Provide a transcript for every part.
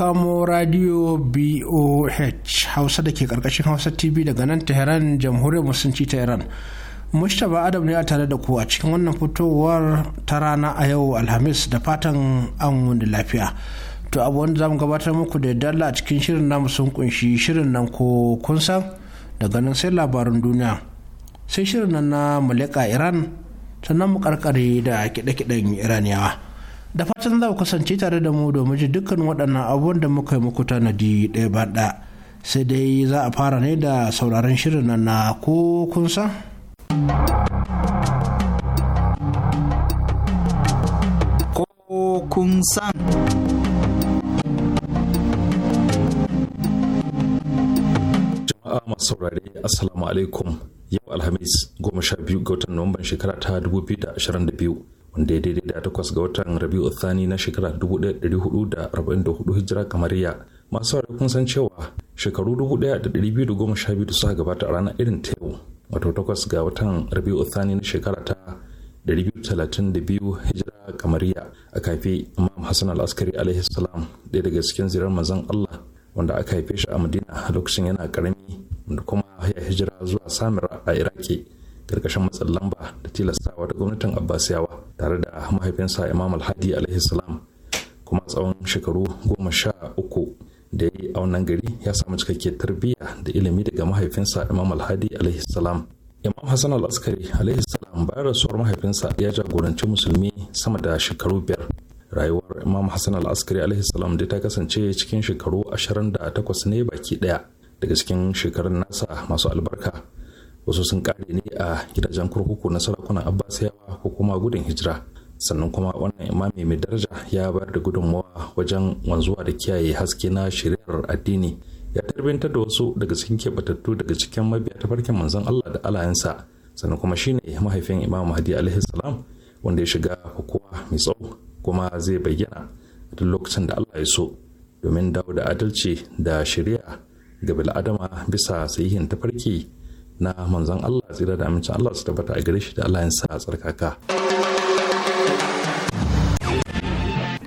kamo radio boh hausa da ke karkashin hausa tv daga nan tehran jamhuriyar musulunci ta iran mustapha adam ne a tare da ku a cikin wannan fitowar ta rana a yau alhamis da fatan an wani lafiya to abuwan da zamu gabatar muku da dalla a cikin shirin namu sun kunshi shirin nan ko kun san daga nan sai labarin duniya sai shirin nan na muleka iran sannan mu karkare da kiɗe-kiɗen iraniyawa da fatan za ku kasance tare da mu domin ji dukkan waɗannan abubuwan da muka yi muku tanadi ɗaya ba ɗaya sai dai za a fara ne da sauraron shirin nan na ko kun san ko kun san jama'a masu saurare assalamu alaikum yau alhamis goma sha biyu ga watan nuwamban shekara ta 2022 wanda ya daidai da takwas ga watan rabi'u thani na shekara 1444 hijira kamariya masu ware kun san cewa shekaru 1212 da suka gabata a ranar irin ta yau wato takwas ga watan rabi'u thani na shekara ta 232 hijira kamariya a kafi imam hassan al-askari alaihi salam daya daga cikin zirar mazan allah wanda aka haife shi a madina lokacin yana karami wanda kuma ya hijira zuwa samira a iraki karkashin matsin lamba da tilastawa da gwamnatin abbasiyawa tare da mahaifinsa imam alhadi alaihi salam kuma tsawon shekaru goma sha uku da ya yi a wannan gari ya samu cikakke tarbiyya da ilimi daga mahaifinsa imam alhadi alaihi salam imam hassan al-askari alaihi salam bayan rasuwar mahaifinsa ya jagoranci musulmi sama da shekaru biyar rayuwar imam hassan al-askari alaihi salam dai ta kasance cikin shekaru ashirin da takwas ne baki ɗaya daga cikin shekarun nasa masu albarka wasu sun kare ne a gidajen kurkuku na sarakunan abbasiyawa ko kuma gudun hijira sannan kuma wannan imami mai daraja ya bayar da gudunmawa wajen wanzuwa da kiyaye haske na shari'ar addini ya tarbintar da wasu daga cikin keɓatattu daga cikin mabiya farkin manzon Allah da alayansa sannan kuma shine mahaifin Imam Mahdi alaihi salam wanda ya shiga kowa mai tsawo kuma zai bayyana duk lokacin da Allah ya so domin dawo da adalci da shari'a ga bil'adama bisa sahihin tafarki na manzon Allah tsira da amincin Allah su tabbata a gare shi da Allah ya sa a tsarkaka.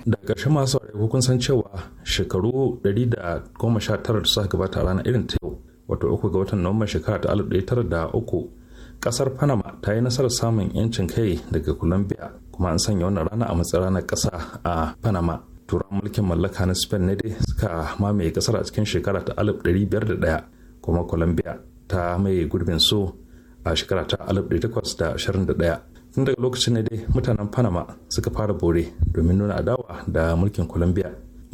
Da ƙarshe masu aure kun san cewa shekaru 119 da suka gabata a ranar irin ta yau wato uku ga watan Nuwamban shekara ta 1903 ƙasar panama ta yi nasarar samun 'yancin kai daga colombia kuma an sanya wannan rana a matsayin ranar ƙasa a panama turan mulkin mallaka na spain ne dai suka mamaye ƙasar a cikin shekara ta ɗaya kuma colombia ta mai gurbin so a shekara ta 1821 tun daga lokacin ne dai mutanen panama suka fara bore domin nuna adawa da mulkin colombia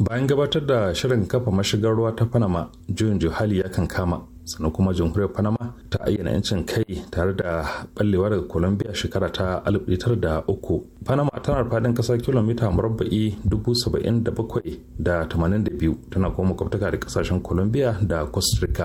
bayan gabatar da shirin kafa mashigar ruwa ta panama juyin juhali ya kama sannan kuma jamhuriyar panama ta ayyana 'yancin kai tare da ballewa daga colombia shekara ta 1903 panama tana fadin kasa kilomita murabba'i 77,82 tana kuma makwabtaka da kasashen colombia da costa rica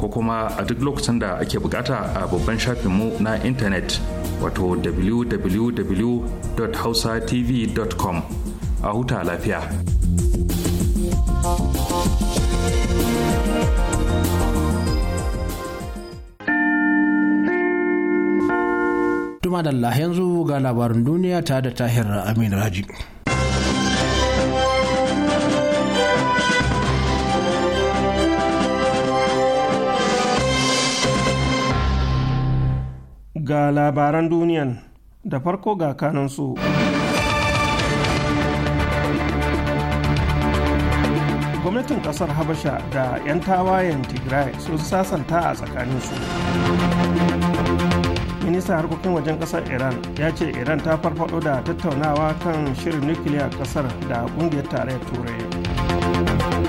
ko kuma a duk lokacin da ake bukata a babban shafinmu na intanet wato www.hausatv.com a huta lafiya. Tuma da yanzu ga labarin duniya ta da tahir Aminu Raji. ga labaran duniyan da farko ga kanansu. Gwamnatin kasar Habasha da 'yan tawayen Tigray sun sasanta a tsakaninsu. Ministan harkokin wajen ƙasar Iran ya ce Iran ta farfado da tattaunawa kan shirin nukiliya ƙasar da kungiyar tarayyar Turai.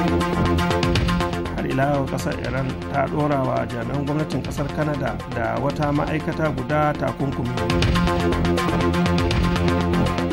ila yau kasar iran ta dora wa jami'an gwamnatin kasar canada da wata ma'aikata guda takunkumi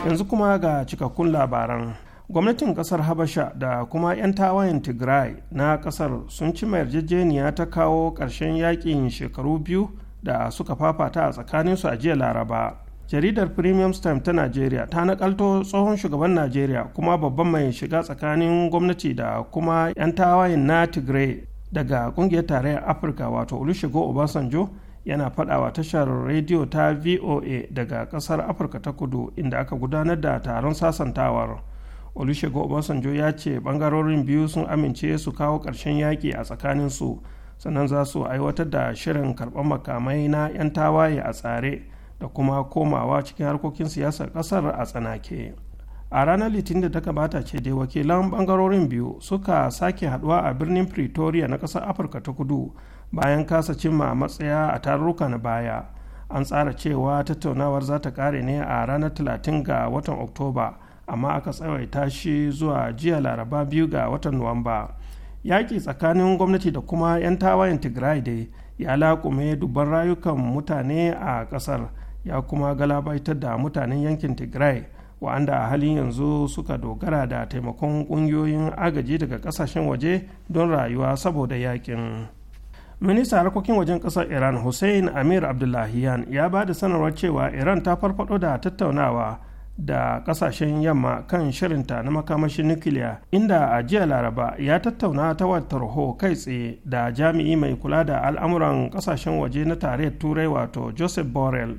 yanzu kuma ga cikakkun labaran gwamnatin kasar habasha da kuma 'yan tawayen tigray na kasar sun ci yarjejeniya ta kawo ƙarshen yakin shekaru biyu da suka fafata a tsakaninsu a jiya laraba jaridar premium time ta najeriya ta nakalto tsohon shugaban najeriya kuma babban mai shiga tsakanin gwamnati da kuma 'yan tawayen na tigray daga kungiyar tarayyar afirka wato olushego obasanjo yana fadawa tashar rediyo ta voa daga kasar afirka ta kudu inda aka gudanar da taron sasantawar olushego obasanjo ya ce bangarorin biyu sun amince su kawo karshen yaki a tsakaninsu sannan za su aiwatar da shirin karɓar makamai na 'yan tawaye a tsare da kuma komawa cikin harkokin siyasar ƙasar a tsanake a ranar litinin da ta gabata ce dai wakilan bangarorin biyu suka sake haduwa a birnin pretoria na ƙasar afirka ta kudu bayan kasa cimma matsaya a tarurruka na baya an tsara cewa tattaunawar za ta kare ne a ranar Talatin ga watan oktoba amma aka tsawaita shi zuwa jiya laraba biyu ga watan nuwamba yaƙi tsakanin gwamnati da kuma 'yan tawayen tigray dai ya laƙume dubban rayukan mutane a ƙasar ya kuma galabaitar da mutanen yankin tigray wa'anda a halin yanzu suka dogara da taimakon ƙungiyoyin agaji daga kasashen waje don rayuwa saboda yakin minista harkokin wajen kasar iran hussein amir abdullahiyan ya ba da sanarwar cewa iran ta farfado da tattaunawa da ƙasashen yamma kan shirinta na makamashin nukiliya inda a jiya laraba ya tattauna ta watar ho kai tsaye da jami'i mai kula da al'amuran ƙasashen waje na tarayyar turai wato joseph borrell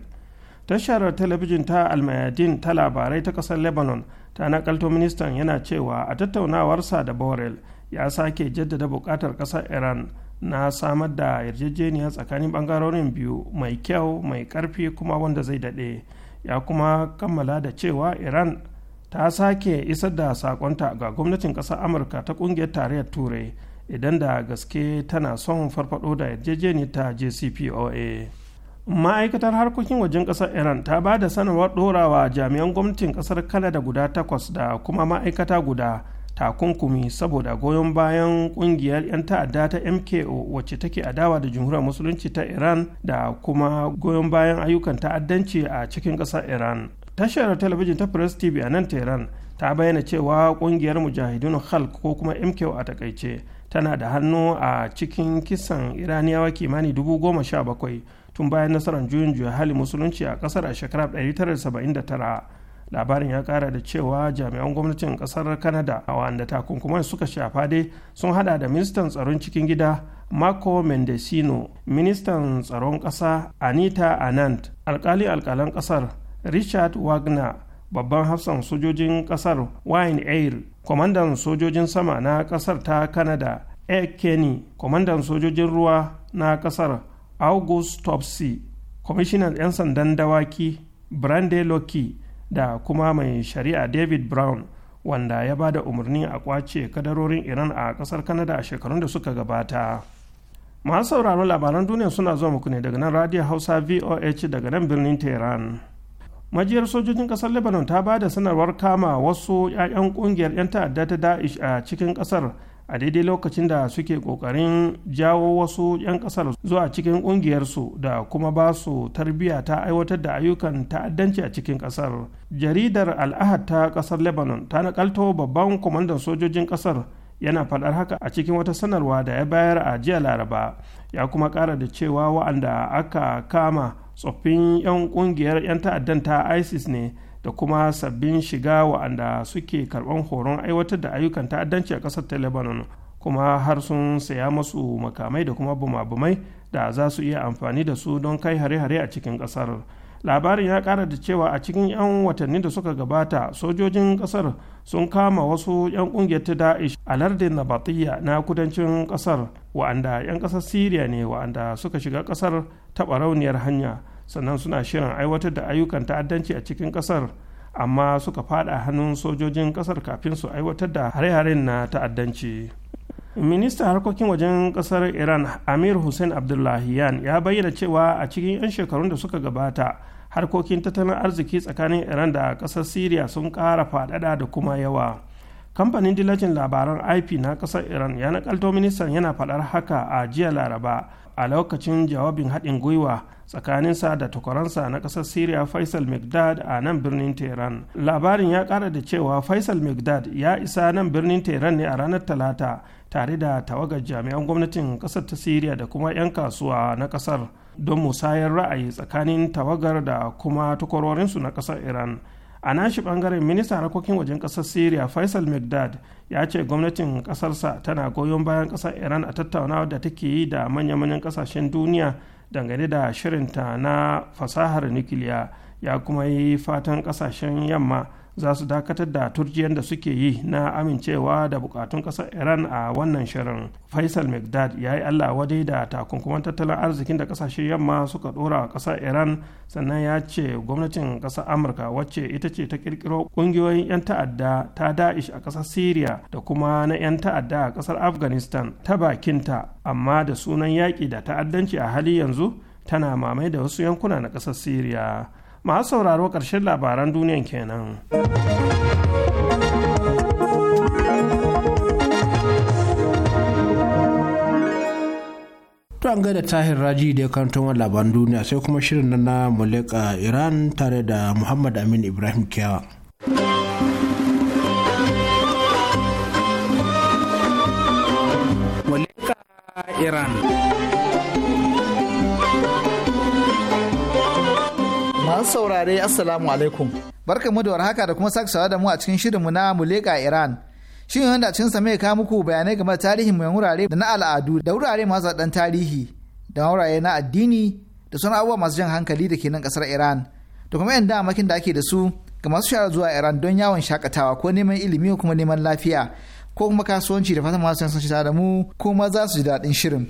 tashar talabijin ta almayadin ta labarai ta kasar lebanon ta nakalto ministan yana cewa a tattaunawarsa da borel ya sake jaddada bukatar kasar iran na samar da yarjejeniya tsakanin bangarorin biyu mai kyau mai karfi kuma wanda zai daɗe ya kuma kammala da cewa iran ta sake isar da sakonta ga gwamnatin ƙasar amurka ta ƙungiyar tarayyar turai idan da gaske tana son farfado da yarjejeniya ta jcpoa ma'aikatar harkokin wajen ƙasar iran ta ba da sanarwar ɗorawa jami'an gwamnatin ƙasar kanada guda takwas da kuma ma'aikata guda takunkumi saboda goyon bayan ƙungiyar 'yan ta'adda ta mko wacce take adawa da jamhuriyar musulunci ta iran da kuma goyon bayan ayyukan ta'addanci a cikin ƙasar iran tashar talabijin ta press tv a nan tehran ta bayyana cewa ƙungiyar mujahidun halk ko kuma mko a takaice tana da hannu a cikin kisan iraniyawa kimani dubu goma sha bakwai tun bayan nasarar juyin juya hali musulunci a kasar a shekarar 1979 labarin ya kara da cewa jami'an gwamnatin kasar kanada a wanda takunkuman suka shafa dai sun hada da ministan tsaron cikin gida marco mendesino ministan tsaron kasa anita anand alkali alkalan kasar richard wagner babban hafsan sojojin kasar wayne air kwamandan sojojin sama na kasar ta kanada air kenny kwamandan sojojin ruwa na kasar august topsy kwamishinan 'yan sandan dawaki brande loki da kuma mai shari'a david brown wanda ya ba da umarni a kwace kadarorin iran a kasar kanada a shekarun da suka gabata masu sauraron labaran duniya suna zuwa muku ne daga nan radio hausa voh daga nan birnin tehran majiyar sojojin kasar lebanon ta ba da sanarwar kama wasu 'ya'yan ƙungiyar 'yan ta'adda ta da'ish a cikin kasar a daidai lokacin da suke kokarin jawo wasu 'yan kasar zuwa cikin kungiyarsu da kuma ba su tarbiyya ta aiwatar da ayyukan ta'addanci a cikin kasar jaridar al'ahad ta kasar lebanon ta nakalto babban kwamandan sojojin kasar yana faɗar haka a cikin wata sanarwa da ya bayar a jiya laraba ya kuma ƙara da cewa wa'anda aka kama tsoffin 'yan ƙungiyar 'yan ta'addan ta isis ne da kuma sabbin shiga wa'anda suke karban horon aiwatar da ayyukan ta'addanci a ƙasar ta lebanon kuma har sun saya masu makamai da kuma bumabumai da za su iya amfani da su don kai hare-hare a cikin ƙasar labarin ya ƙara da cewa a cikin 'yan watanni da suka gabata sojojin ƙasar sun kama wasu 'yan ƙungiyar ta da'ish a lardin nabatiyya na kudancin ƙasar wa'anda 'yan ƙasar siriya ne wa'anda suka shiga ƙasar taɓa rauniyar hanya sannan suna shirin aiwatar da ayyukan ta'addanci a cikin kasar amma suka fada hannun sojojin kasar kafin su aiwatar da hare-haren na ta'addanci ministan harkokin wajen kasar iran amir hussein abdullahiyan ya bayyana cewa a cikin 'yan shekarun da suka gabata harkokin tattalin arziki tsakanin iran da kasar syria sun kara fadada da kuma yawa kamfanin dillacin labaran ip na kasar iran ya nakalto ministan yana faɗar haka a jiya laraba a lokacin jawabin haɗin gwiwa tsakaninsa da takwaransa na ƙasar syria faisal mcdad a nan birnin tehran labarin ya ƙara da cewa faisal mcdad ya isa nan birnin tehran ne a ranar talata tare da tawagar jami'an gwamnatin ƙasar ta syria da kuma 'yan kasuwa na ƙasar don musayar ra'ayi tsakanin tawagar da kuma takwarorinsu na ƙasar iran a nashi bangaren ministan harkokin wajen kasar syria faisal mcdad ya ce gwamnatin kasarsa tana goyon bayan kasar iran a tattaunawa da take yi da manya-manyan kasashen duniya dangane da shirinta na fasahar nukiliya ya kuma yi fatan kasashen yamma za su dakatar da turjiyar da suke yi na amincewa da bukatun kasar iran a wannan shirin faisal mcdad ya yi allah wadai da takunkuman tattalin arzikin da kasashen yamma suka dora a kasar iran sannan ya ce gwamnatin kasar amurka wacce ita ce ta kirkiro kungiyoyin 'yan ta'adda ta da'ish a kasar syria da kuma na 'yan ta'adda a kasar afghanistan ta bakinta amma da sunan yaƙi da ta'addanci a hali yanzu tana mamai da wasu yankuna na kasar syria masu sauraro ƙarshen labaran duniyan kenan. an gaida tahir raji da ya kanto wani labaran duniya sai kuma shirin na na muleka iran tare da muhammad amin ibrahim kiyawa muleka iran Masu saurare Assalamu alaikum. Barka mu da warhaka da kuma sake da mu a cikin shirinmu na Muleka Iran. Shin wanda a cikin sa mai kawo muku bayanai game da tarihin mai wurare da na al'adu da wurare masu dan tarihi da wurare na addini da sauran abubuwa masu jan hankali da ke nan kasar Iran. Da kuma yan damakin da ake da su ga masu shara zuwa Iran don yawon shakatawa ko neman ilimi ko kuma neman lafiya ko kuma kasuwanci da fatan masu san da mu ko ma za su ji daɗin shirin.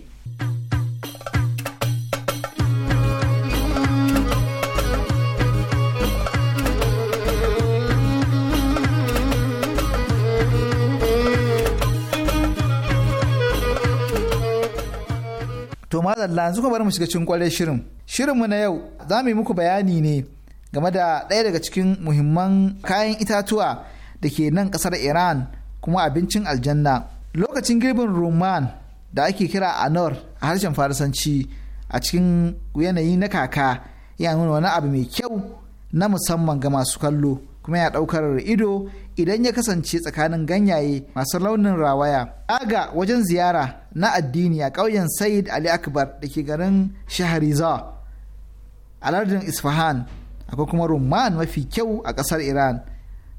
To zalla yanzu kuma bari mu shiga cikin kwarai shirin. Shirinmu na yau za mu yi muku bayani ne game da ɗaya daga cikin muhimman kayan itatuwa da ke nan ƙasar Iran kuma abincin aljanna. Lokacin girbin Roman da ake kira Anor a harshen Farisanci a cikin yanayi na kaka ya nuna wani abu mai kyau na musamman ga masu kallo kuma ya ɗaukar ido idan ya kasance tsakanin ganyaye masu launin rawaya. Aga wajen ziyara na addini a ƙauyen Said Ali Akbar da ke garin Shahriza a lardin Isfahan akwai kuma rumman mafi kyau a ƙasar Iran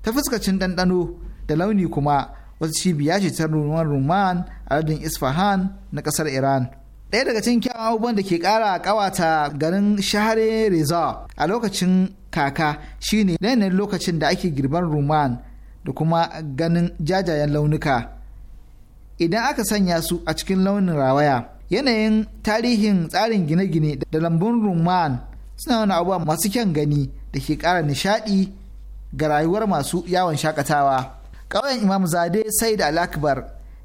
ta fuskacin ɗanɗano da launi kuma wasu cibiya ce ta rumman rumman a lardin Isfahan na ƙasar Iran. Ɗaya daga cikin kyawun abubuwan da ke ƙara ƙawata garin Shahare Reza a lokacin kaka shine yanayin lokacin da ake girban rumman da kuma ganin jajayen launuka. idan aka sanya su a cikin launin rawaya yanayin tarihin tsarin gine-gine da lambun rumman suna wani abubuwa masu kyan gani da ke kara nishaɗi ga rayuwar masu yawon shakatawa ƙauyen imam zade sai da alakbar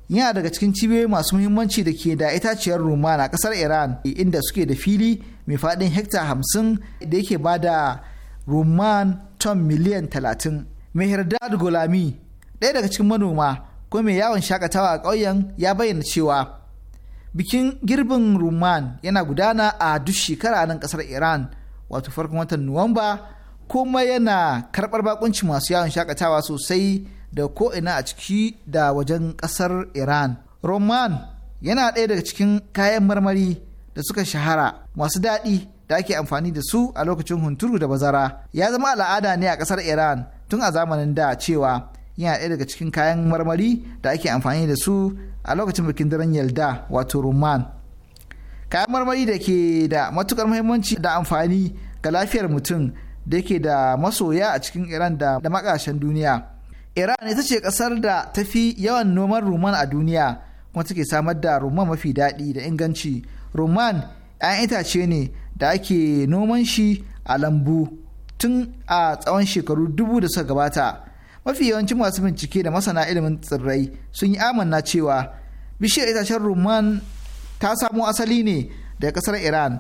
yana daga cikin cibiyoyi masu muhimmanci da ke da itaciyar rumman a ƙasar iran inda suke da fili mai faɗin hekta hamsin da yake ba da rumman ton miliyan talatin mehrdad golami ɗaya daga cikin manoma ko mai yawon shakatawa a ƙauyen ya bayyana cewa bikin girbin rumman yana gudana a duk shekara nan ƙasar iran wato farkon watan nuwamba kuma yana karɓar bakunci masu yawon shakatawa sosai da ko'ina a ciki da wajen ƙasar iran roman yana ɗaya daga cikin kayan marmari da suka shahara masu daɗi da ake amfani da su a lokacin hunturu da bazara ya zama al'ada ne a ƙasar iran tun a zamanin da cewa yana ɗaya daga cikin kayan marmari da ake amfani da su a lokacin bikin daren yalda wato roman kayan marmari da ke da matukar muhimmanci da amfani ga lafiyar mutum da ke da masoya a cikin iran da makashin duniya iran ita ce kasar da ta fi yawan noman ruman a duniya kuma take samar da roman mafi daɗi da inganci ruman 'ya'yan itace ne da ake noman shi a lambu tun a tsawon shekaru dubu da suka gabata mafi yawancin masu bincike da masana ilimin tsirrai sun yi amanna cewa bishiyar itacen rumman ta samo asali ne daga kasar iran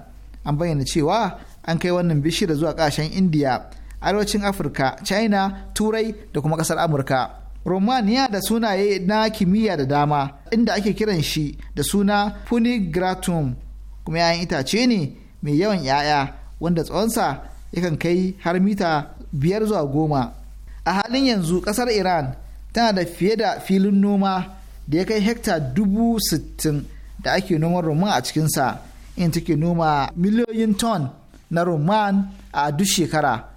an bayyana cewa an kai wannan bishiyar zuwa kasashen indiya arewacin afirka china turai da kuma kasar amurka romania da sunaye na kimiyya da dama inda ake kiran shi da suna punigratum kuma 'ya'yan itace ne mai yawan 'ya'ya wanda tsawonsa yakan kai har mita biyar zuwa goma a halin yanzu kasar iran tana da fiye da filin noma da ya kai hekta dubu sittin da ake noman roman a cikinsa in take noma miliyoyin ton na roman a duk shekara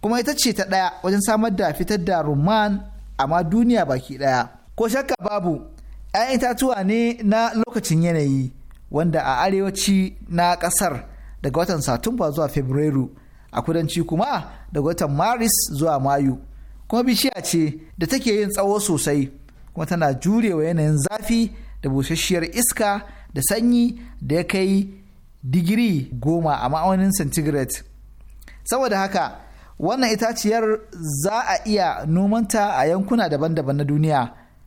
kuma ita ce ta ɗaya wajen samar da fitar da roman amma duniya baki ɗaya ko shakka babu 'ya'yan itatuwa ne na lokacin yanayi wanda a arewaci na kasar daga watan satumba zuwa fabrairu a kudanci kuma daga watan maris zuwa mayu kuma bishiya ce da take yin tsawo sosai kuma tana jurewa yanayin zafi da busasshiyar iska da sanyi da ya kai digiri goma a ma'aunin centigrade saboda haka wannan itaciyar za a iya nomanta a yankuna daban-daban na duniya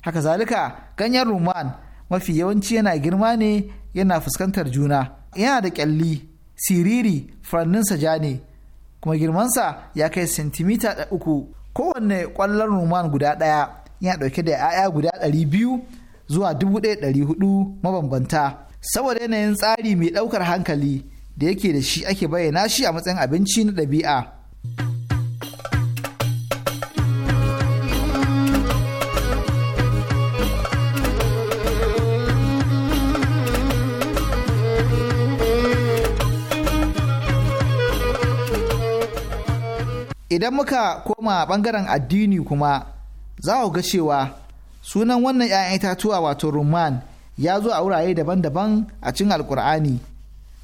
haka zalika ganyen roman mafi yawanci yana girma ne yana fuskantar juna yana da kyalli siriri furanninsa ja ne kuma girmansa ya kai sentimita uku kowanne kwallon roman guda ɗaya yana ɗauke da 'ya'ya guda 200 zuwa 1,400 mabambanta saboda yanayin tsari mai ɗaukar hankali da yake da shi ake bayyana shi a matsayin abinci na ɗabi'a. idan muka koma bangaren addini kuma za ga cewa sunan wannan 'ya'yan itatuwa wato rumman ya zo a wurare daban-daban a cikin alkur'ani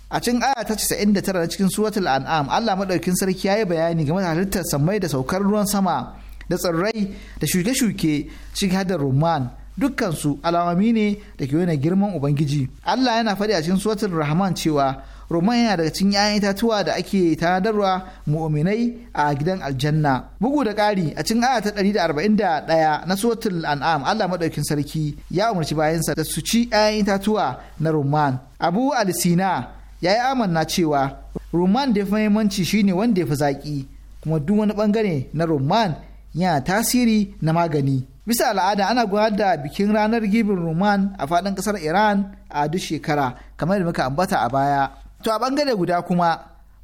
a cikin aya ta 99 na cikin suratul an'am Allah Maɗaukin sarki ya yi bayani game da halittar samai da saukar ruwan sama da tsirrai da shuke-shuke cikin hadar rumman dukkansu alamami ne da ke wani girman ubangiji Allah yana faɗi a cikin suratul rahman cewa rumman yana daga cin 'ya'yan itatuwa da ake tanadarwa mu'minai a gidan aljanna bugu da ƙari a cikin aya ta 141 na suratul an'am Allah maɗaukin sarki ya umarci bayansa da su ci 'ya'yan itatuwa na rumman Abu al-Sina ya yi amanna cewa rumman da ya fi mahimmanci shine wanda ya fi zaƙi kuma duk wani bangare na rumman yana tasiri na magani bisa al'ada ana gudanar da bikin ranar gibin rumman a faɗin ƙasar iran a duk shekara kamar da muka ambata a baya To a ɓangare guda kuma,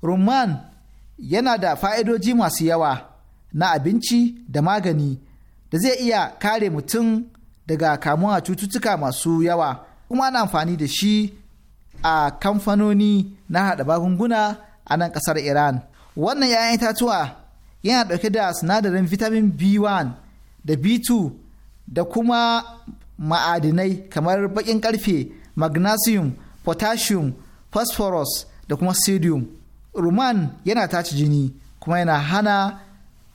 rumman yana da fa'idoji masu yawa na abinci da magani da zai iya kare mutum daga kamuwa cututtuka masu yawa, kuma ana amfani da shi a kamfanoni na haɗa magunguna a nan ƙasar Iran. Wannan 'ya'yan itatuwa yana ɗauke da sinadarin vitamin B1 da B2 da kuma ma'adinai kamar baƙin ƙarfe, magnesium, potassium, phosphorus da kuma sodium ruman yana tace jini kuma yana hana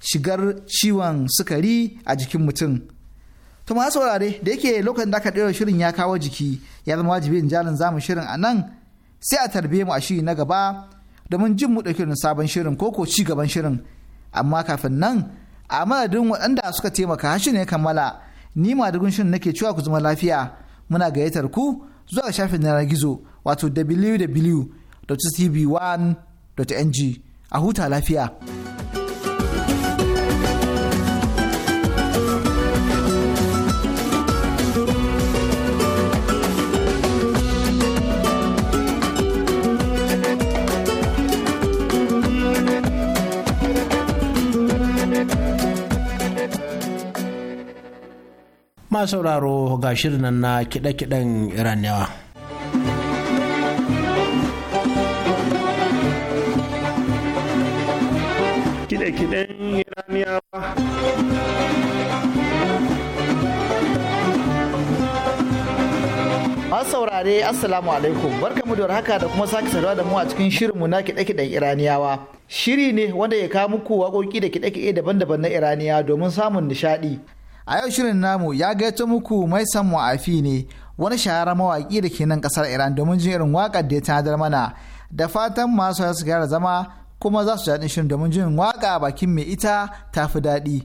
shigar ciwon sukari a jikin mutum to ma saurare da yake lokacin da aka ɗora shirin ya kawo jiki ya zama wajibin jalin zamu shirin a nan sai a tarbe mu a shiri na gaba domin jin mu ɗauki sabon shirin ko ko ci gaban shirin amma kafin nan a madadin waɗanda suka taimaka shi ne kammala ni ma dugun shirin nake cewa ku zama lafiya muna gayyatar ku zuwa shafin na gizo wato wwwcb 1ng a huta lafiya. Ma sauraro ga shirin na kiɗe-kiɗen Iraniyawa. kiɗan iraniyawa masu saurare assalamu alaikum barkamu da haka da kuma sake saduwa da mu a cikin shirinmu na kiɗe-kiɗen iraniyawa shiri ne wanda ya kawo muku waƙoƙi da kiɗe-kiɗe daban-daban na iraniya domin samun nishaɗi a yau shirin namu ya gaito muku mai san mu'afi ne wani shahara mawaƙi da ke nan ƙasar iran domin jin irin waƙar da ya tanadar mana da fatan masu su gyara zama kuma za su daɗin shirin domin jin waƙa bakin mai ita ta fi daɗi.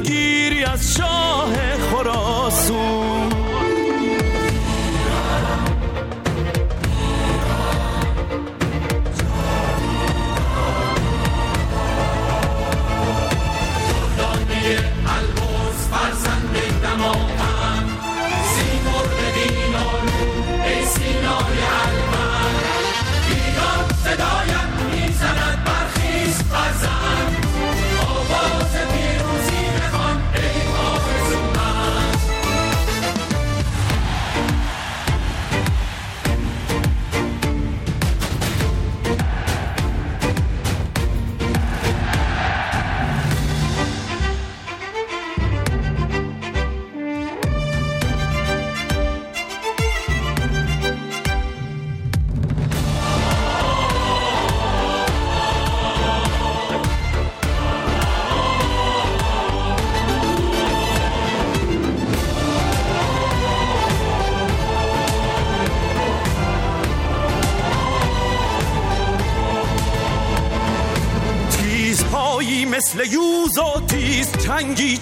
میگیری از شاه خراسون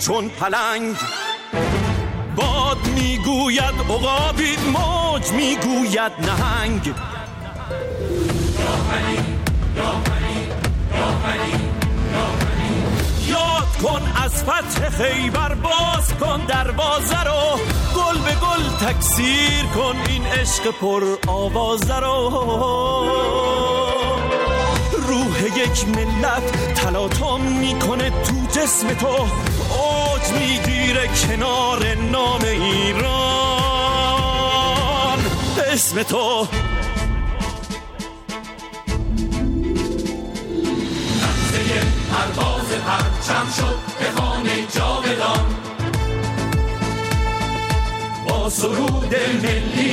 چون پلنگ باد میگوید اقابی موج میگوید نهنگ یاد کن از فتح خیبر باز کن دروازه رو گل به گل تکثیر کن این عشق پر آوازه رو روح یک ملت تلاطم میکنه تو جسم تو اوج میگیره کنار نام ایران اسم تو هر باز پرچم شد به خانه جاودان با سرود ملی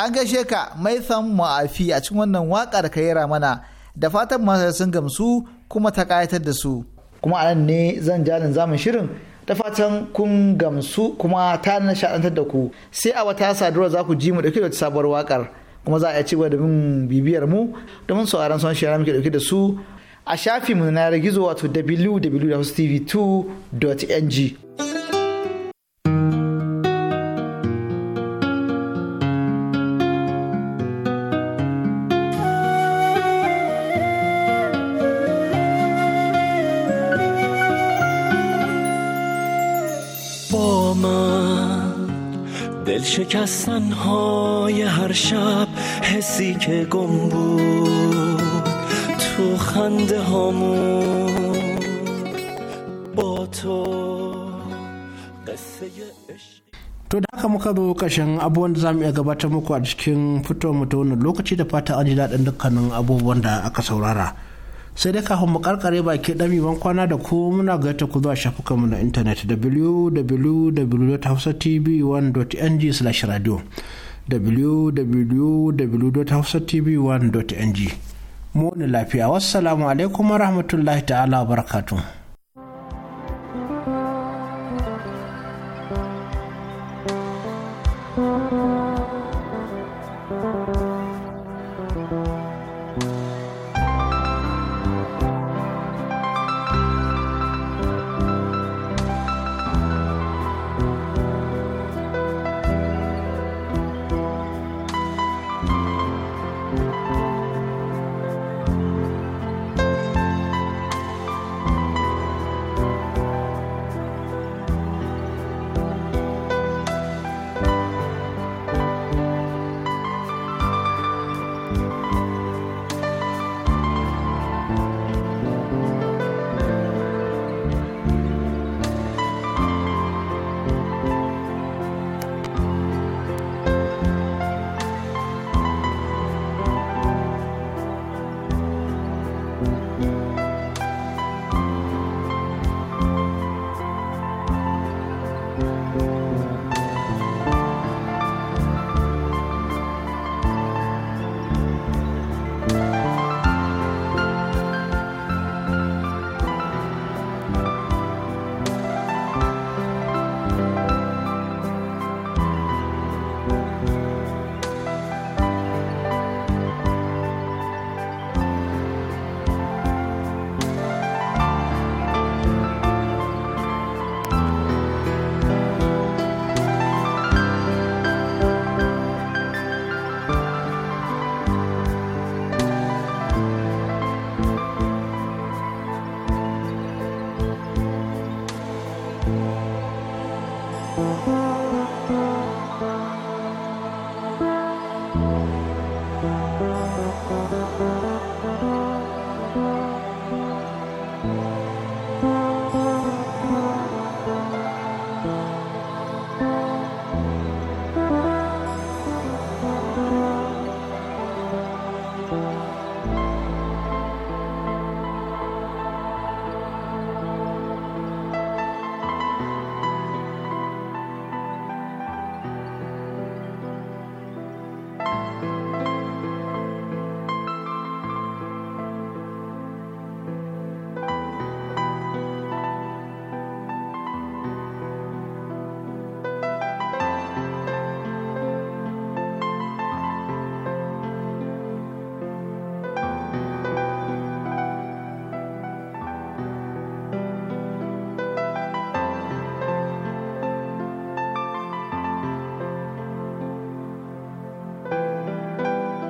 an gaishe ka mai san ma'afi a cikin wannan waka da ka yi mana da fatan masu sun gamsu kuma ta kayatar da su kuma a nan ne zan jalin zamun shirin da fatan kun gamsu kuma ta nishaɗantar da ku sai a wata sadarwa za ku ji mu dauke da sabuwar wakar kuma za a iya cewa domin bibiyar mu domin sauraron son shi muke dauke da su a shafinmu na gizo wato www.tv2.ng. دل شکستن های هر شب حسی که گم بود تو خنده هامون با تو قصه عشق to da haka muka zo kashin abubuwan da za mu iya gabatar muku a cikin fito mu ta wannan lokaci da fata an ji daɗin dukkanin abubuwan da aka saurara sai dai kafin mu karkare baki dami ban kwana da ku muna gaita ku zuwa shafukanmu na intanet www.hausatv1.ng/radio www.hausatv1.ng mu ne lafiya wassalamu alaikum warahmatullahi ta'ala barakatuh thank you